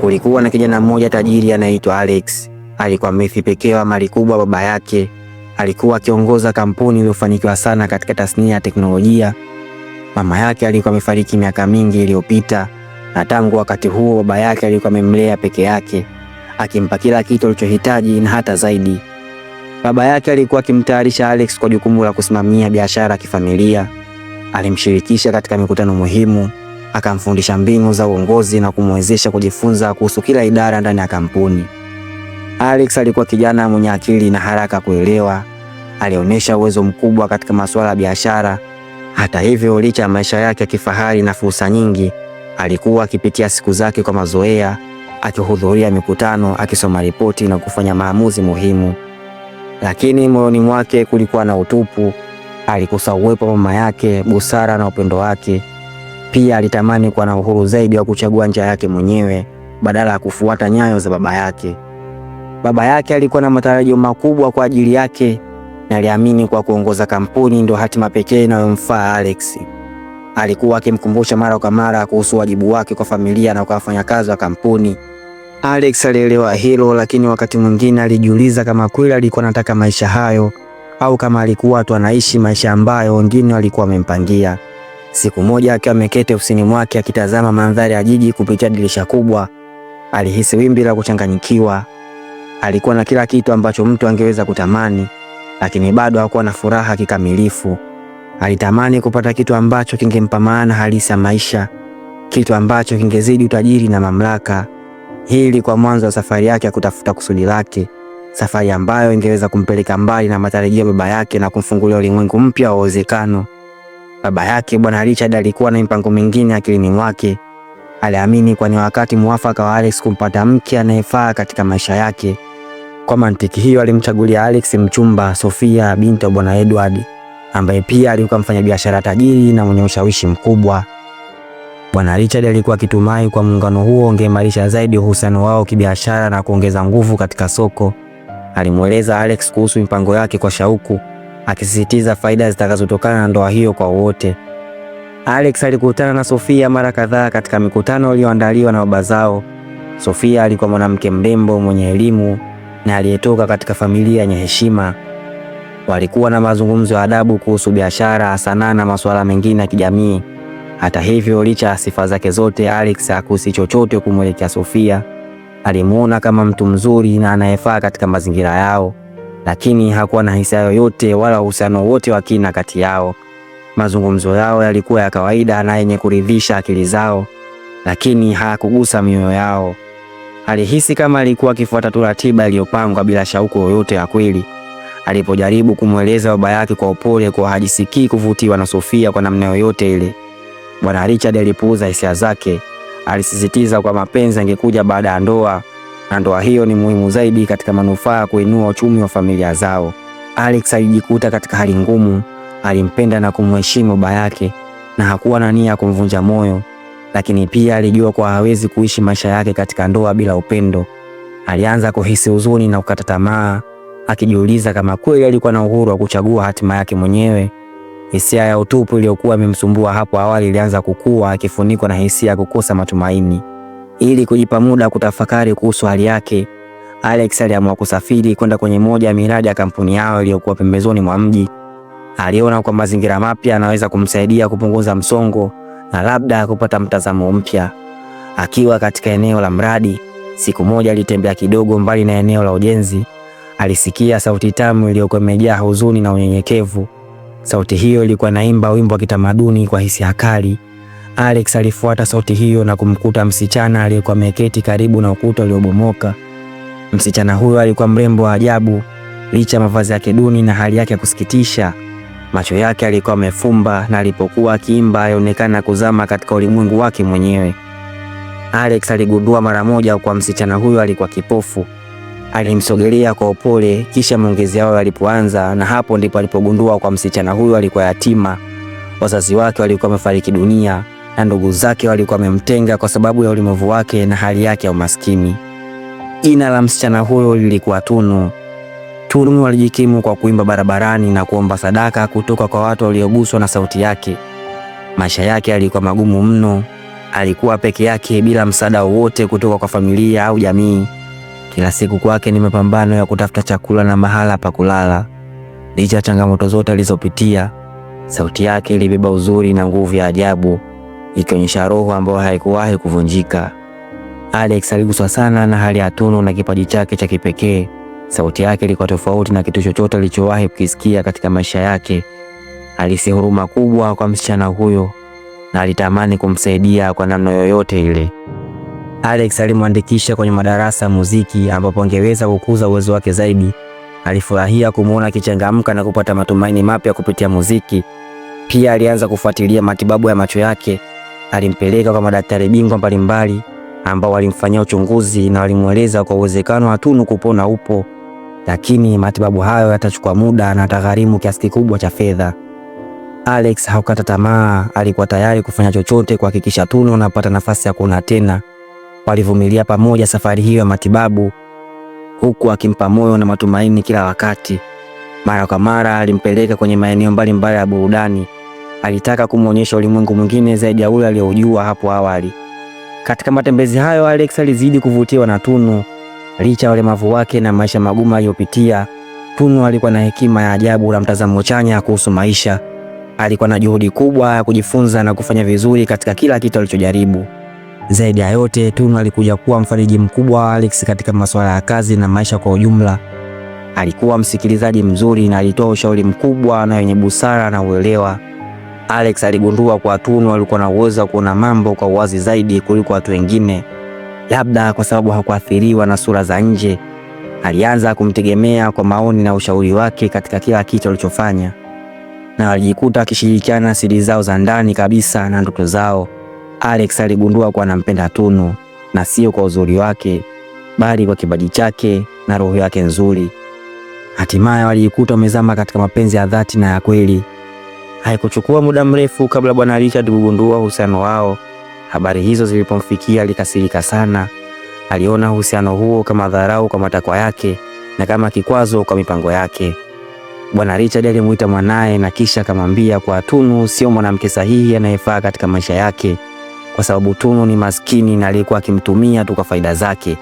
Kulikuwa na kijana mmoja tajiri anaitwa Alex. Alikuwa mrithi pekee wa mali kubwa baba yake. Alikuwa akiongoza kampuni iliyofanikiwa sana katika tasnia ya teknolojia. Mama yake alikuwa amefariki miaka mingi iliyopita, na tangu wakati huo baba yake alikuwa amemlea peke yake, akimpa kila kitu alichohitaji na hata zaidi. Baba yake alikuwa akimtayarisha Alex kwa jukumu la kusimamia biashara ya kifamilia. Alimshirikisha katika mikutano muhimu akamfundisha mbinu za uongozi na kumwezesha kujifunza kuhusu kila idara ndani ya kampuni. Alex alikuwa kijana mwenye akili na haraka kuelewa. Alionyesha uwezo mkubwa katika masuala ya biashara. Hata hivyo, licha ya maisha yake ya kifahari na fursa nyingi, alikuwa akipitia siku zake kwa mazoea, akihudhuria mikutano, akisoma ripoti na kufanya maamuzi muhimu, lakini moyoni mwake kulikuwa na utupu. Alikosa uwepo wa mama yake, busara na upendo wake. Pia alitamani kuwa na uhuru zaidi wa kuchagua njia yake mwenyewe badala ya kufuata nyayo za baba yake. Baba yake alikuwa na matarajio makubwa kwa ajili yake na aliamini kwa kuongoza kampuni ndio hatima pekee inayomfaa Alex. Alikuwa akimkumbusha mara kwa mara kuhusu wajibu wake kwa familia na kwa wafanyakazi wa kampuni. Alex alielewa hilo, lakini wakati mwingine alijiuliza kama kweli alikuwa anataka maisha hayo au kama alikuwa tu anaishi maisha ambayo wengine walikuwa wamempangia. Siku moja akiwa ameketi ofisini mwake akitazama mandhari ya jiji kupitia dirisha kubwa, alihisi wimbi la kuchanganyikiwa. Alikuwa na kila kitu ambacho mtu angeweza kutamani, lakini bado hakuwa na furaha kikamilifu. Alitamani kupata kitu ambacho kingempa maana halisi ya maisha, kitu ambacho kingezidi utajiri na mamlaka. Hii ilikuwa mwanzo wa safari yake ya kutafuta kusudi lake, safari ambayo ingeweza kumpeleka mbali na matarajio ya baba yake na kumfungulia ulimwengu mpya wa uwezekano. Baba yake Bwana Richard alikuwa na mipango mingine akilini mwake. Aliamini ni wakati mwafaka wa Alex kumpata mke anayefaa katika maisha yake. Kwa mantiki hiyo, alimchagulia Alex mchumba Sofia, binti wa Bwana Edward, ambaye pia alikuwa mfanyabiashara tajiri na mwenye ushawishi mkubwa. Bwana Richard alikuwa akitumai kwa muungano huo ungeimarisha zaidi uhusiano wao kibiashara na kuongeza nguvu katika soko. Alimweleza Alex kuhusu mipango yake kwa shauku akisisitiza faida zitakazotokana na ndoa hiyo kwa wote. Alex alikutana na Sofia mara kadhaa katika mikutano iliyoandaliwa na baba zao. Sofia alikuwa mwanamke mrembo mwenye elimu na aliyetoka katika familia yenye heshima. Walikuwa na mazungumzo ya adabu kuhusu biashara, sanaa na masuala mengine ya kijamii. Hata hivyo, licha ya sifa zake zote, Alex hakusi chochote kumwelekea Sofia. Alimuona kama mtu mzuri na anayefaa katika mazingira yao lakini hakuwa na hisia yoyote wala uhusiano wote wa kina kati yao. Mazungumzo yao yalikuwa ya kawaida na yenye kuridhisha akili zao, lakini hayakugusa mioyo yao. Alihisi kama alikuwa akifuata tu ratiba iliyopangwa bila shauku yoyote ya kweli. Alipojaribu kumweleza baba yake kwa upole kwa hajisikii kuvutiwa na Sofia kwa namna yoyote ile, Bwana Richard alipuuza hisia zake. Alisisitiza kwa mapenzi angekuja baada ya ndoa, na ndoa hiyo ni muhimu zaidi katika manufaa ya kuinua uchumi wa familia zao. Alex alijikuta katika hali ngumu. Alimpenda na kumheshimu baba yake na hakuwa na nia ya kumvunja moyo, lakini pia alijua kuwa hawezi kuishi maisha yake katika ndoa bila upendo. Alianza kuhisi huzuni na kukata tamaa, akijiuliza kama kweli alikuwa na uhuru wa kuchagua hatima yake mwenyewe. Hisia ya utupu iliyokuwa imemsumbua hapo awali ilianza kukua, akifunikwa na hisia ya kukosa matumaini. Ili kujipa muda wa kutafakari kuhusu hali yake, Alex aliamua kusafiri kwenda kwenye moja ya miradi ya kampuni yao iliyokuwa pembezoni mwa mji. Aliona kwa mazingira mapya anaweza kumsaidia kupunguza msongo na labda kupata mtazamo mpya. Akiwa katika eneo la mradi, siku moja alitembea kidogo mbali na eneo la ujenzi. Alisikia sauti tamu iliyokuwa imejaa huzuni na unyenyekevu. Sauti hiyo ilikuwa naimba wimbo wa kitamaduni kwa hisia kali, Alex alifuata sauti hiyo na kumkuta msichana aliyekuwa ameketi karibu na ukuta uliobomoka. Msichana huyo alikuwa mrembo wa ajabu licha ya mavazi yake duni na hali yake ya kusikitisha. Macho yake alikuwa amefumba na alipokuwa akiimba alionekana kuzama katika ulimwengu wake mwenyewe. Alex aligundua mara moja kwa msichana huyo alikuwa kipofu. Alimsogelea kwa upole, kisha maongezi yao yalipoanza, na hapo ndipo alipogundua kwa msichana huyo alikuwa yatima, wazazi wake walikuwa wamefariki dunia na ndugu zake walikuwa wamemtenga kwa sababu ya ulemavu wake na hali yake ya umaskini. Jina la msichana huyo lilikuwa Tunu. Tunu walijikimu kwa kuimba barabarani na kuomba sadaka kutoka kwa watu walioguswa na sauti yake. Maisha yake yalikuwa magumu mno. Alikuwa peke yake bila msaada wowote kutoka kwa familia au jamii. Kila siku kwake ni mapambano ya kutafuta chakula na mahala pa kulala. Licha ya changamoto zote alizopitia, sauti yake ilibeba uzuri na nguvu ya ajabu ikionyesha roho ambayo haikuwahi kuvunjika. Alex aliguswa sana na hali ya Tunu na kipaji chake cha kipekee. Sauti yake ilikuwa tofauti na kitu chochote alichowahi kukisikia katika maisha yake. Alisi huruma kubwa kwa msichana huyo na alitamani kumsaidia kwa namna yoyote ile. Alex alimwandikisha kwenye madarasa ya muziki ambapo angeweza kukuza uwezo wake zaidi. Alifurahia kumwona akichangamka na kupata matumaini mapya kupitia muziki. Pia alianza kufuatilia matibabu ya macho yake alimpeleka kwa madaktari bingwa mbalimbali ambao walimfanyia uchunguzi na walimweleza kwa uwezekano wa Tunu kupona upo, lakini matibabu hayo yatachukua muda na atagharimu kiasi kikubwa cha fedha. Alex haukata tamaa, alikuwa tayari kufanya chochote kuhakikisha Tunu anapata nafasi ya kuona tena. Walivumilia pamoja safari hiyo ya matibabu, huku akimpa moyo na matumaini kila wakati. Mara kwa mara alimpeleka kwenye maeneo mbalimbali ya burudani Alitaka kumwonyesha ulimwengu mwingine zaidi ya ule aliyojua hapo awali. Katika matembezi hayo, Alex alizidi kuvutiwa na Tunu. Licha ya ulemavu wake na maisha magumu aliyopitia, Tunu alikuwa na hekima ya ajabu na mtazamo chanya kuhusu maisha. Alikuwa na juhudi kubwa ya kujifunza na kufanya vizuri katika kila kitu alichojaribu. Zaidi ya yote, Tunu alikuja kuwa mfariji mkubwa wa Alex katika masuala ya kazi na maisha kwa ujumla. Alikuwa msikilizaji mzuri na alitoa ushauri mkubwa na wenye busara na uelewa. Alex aligundua kwa Tunu alikuwa na uwezo wa kuona mambo kwa uwazi zaidi kuliko watu wengine, labda kwa sababu hakuathiriwa na sura za nje. Alianza kumtegemea kwa maoni na ushauri wake katika kila kitu alichofanya, na alijikuta akishirikiana siri zao za ndani kabisa na ndoto zao. Alex aligundua kuwa anampenda Tunu na sio kwa uzuri wake, bali kwa kibaji chake na roho yake nzuri. Hatimaye walijikuta wamezama katika mapenzi ya dhati na ya kweli. Haikuchukua muda mrefu kabla bwana Richard kugundua uhusiano wao. Habari hizo zilipomfikia alikasirika sana. Aliona uhusiano huo kama dharau kwa matakwa yake na kama kikwazo kwa mipango yake. Bwana Richard alimuita mwanaye na kisha akamwambia kwa Tunu sio mwanamke sahihi anayefaa katika maisha yake, kwa sababu Tunu ni maskini na alikuwa akimtumia tu kwa faida zake.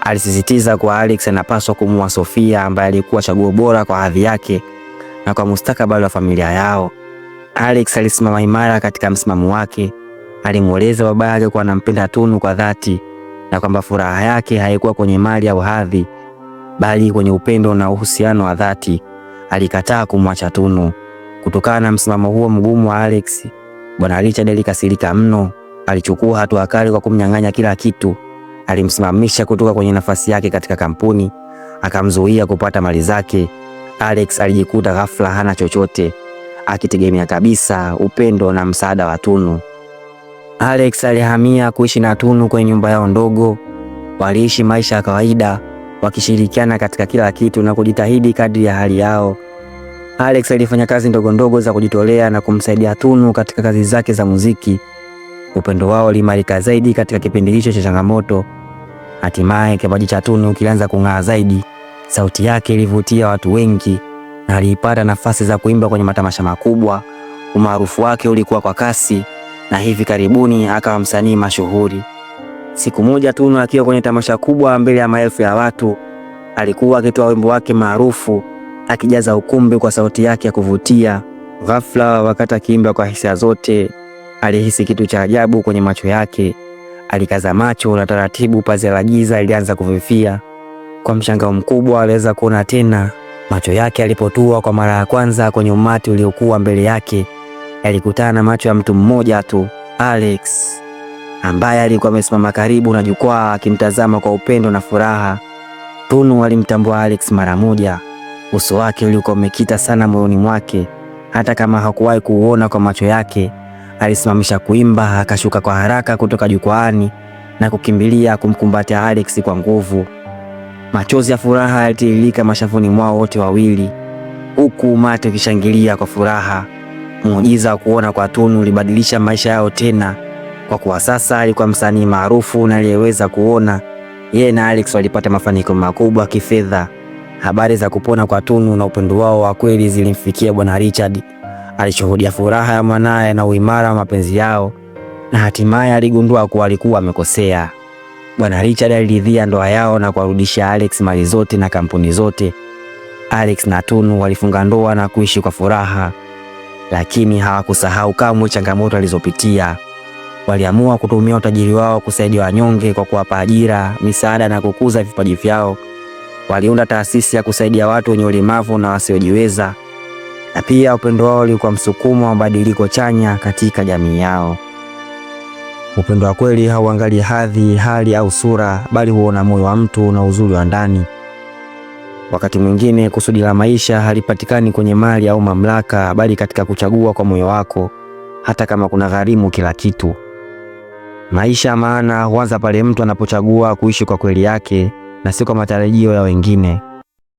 Alisisitiza kwa Alex anapaswa kumua Sofia ambaye alikuwa chaguo bora kwa hadhi yake na kwa mustakabali wa familia yao. Alex alisimama imara katika msimamo wake. Alimweleza baba yake kuwa anampenda Tunu kwa dhati na kwamba furaha yake haikuwa kwenye mali au hadhi, bali kwenye upendo na uhusiano wa dhati. Alikataa kumwacha Tunu. Kutokana na msimamo huo mgumu wa Alex, Bwana Richard alikasirika mno. Alichukua hatua kali kwa kumnyang'anya kila kitu. Alimsimamisha kutoka kwenye nafasi yake katika kampuni, akamzuia kupata mali zake Alex alijikuta ghafla hana chochote, akitegemea kabisa upendo na msaada wa Tunu. Alex alihamia kuishi na Tunu kwenye nyumba yao ndogo. Waliishi maisha ya kawaida wakishirikiana katika kila kitu na kujitahidi kadri ya hali yao. Alex alifanya kazi ndogo ndogo za kujitolea na kumsaidia Tunu katika kazi zake za muziki. Upendo wao ulimarika zaidi katika kipindi hicho cha changamoto. Hatimaye kipaji cha Tunu kilianza kung'aa zaidi. Sauti yake ilivutia watu wengi na aliipata nafasi za kuimba kwenye matamasha makubwa. Umaarufu wake ulikuwa kwa kasi na hivi karibuni akawa msanii mashuhuri. Siku moja Tunu akiwa kwenye tamasha kubwa mbele ya maelfu ya watu, alikuwa akitoa wimbo wake maarufu akijaza ukumbi kwa sauti yake ya kuvutia. Ghafla, wakati akiimba kwa hisia zote, alihisi kitu cha ajabu kwenye macho yake. Alikaza macho na taratibu, pazia la giza ilianza kuvifia. Kwa mshangao mkubwa aliweza kuona tena. Macho yake alipotua kwa mara ya kwanza kwenye umati uliokuwa mbele yake, yalikutana na macho ya mtu mmoja tu, Alex, ambaye alikuwa amesimama karibu na jukwaa akimtazama kwa upendo na furaha. Tunu alimtambua Alex mara moja. Uso wake ulikuwa umekita sana moyoni mwake, hata kama hakuwahi kuuona kwa macho yake. Alisimamisha kuimba, akashuka kwa haraka kutoka jukwaani na kukimbilia kumkumbatia Alex kwa nguvu. Machozi ya furaha yalitiririka mashafuni mwao wote wawili, huku umati ukishangilia kwa furaha. Muujiza wa kuona kwa Tunu ulibadilisha maisha yao tena, kwa kuwa sasa alikuwa msanii maarufu na aliyeweza kuona. Yeye na Alex walipata mafanikio makubwa kifedha. Habari za kupona kwa Tunu na upendo wao wa kweli zilimfikia Bwana Richard. Alishuhudia furaha ya mwanaye na uimara wa mapenzi yao, na hatimaye aligundua kuwa alikuwa amekosea. Bwana Richard aliridhia ndoa yao na kuwarudisha Alex mali zote na kampuni zote. Alex na Tunu walifunga ndoa na kuishi kwa furaha, lakini hawakusahau kamwe changamoto alizopitia. Waliamua kutumia utajiri wao kusaidia wanyonge kwa kuwapa ajira, misaada na kukuza vipaji vyao. Waliunda taasisi ya kusaidia watu wenye ulemavu na wasiojiweza, na pia upendo wao ulikuwa msukumo wa mabadiliko chanya katika jamii yao. Upendo wa kweli hauangalii hadhi, hali au sura, bali huona moyo wa mtu na uzuri wa ndani. Wakati mwingine kusudi la maisha halipatikani kwenye mali au mamlaka, bali katika kuchagua kwa moyo wako, hata kama kuna gharimu kila kitu. Maisha maana huanza pale mtu anapochagua kuishi kwa kweli yake na si kwa matarajio ya wengine.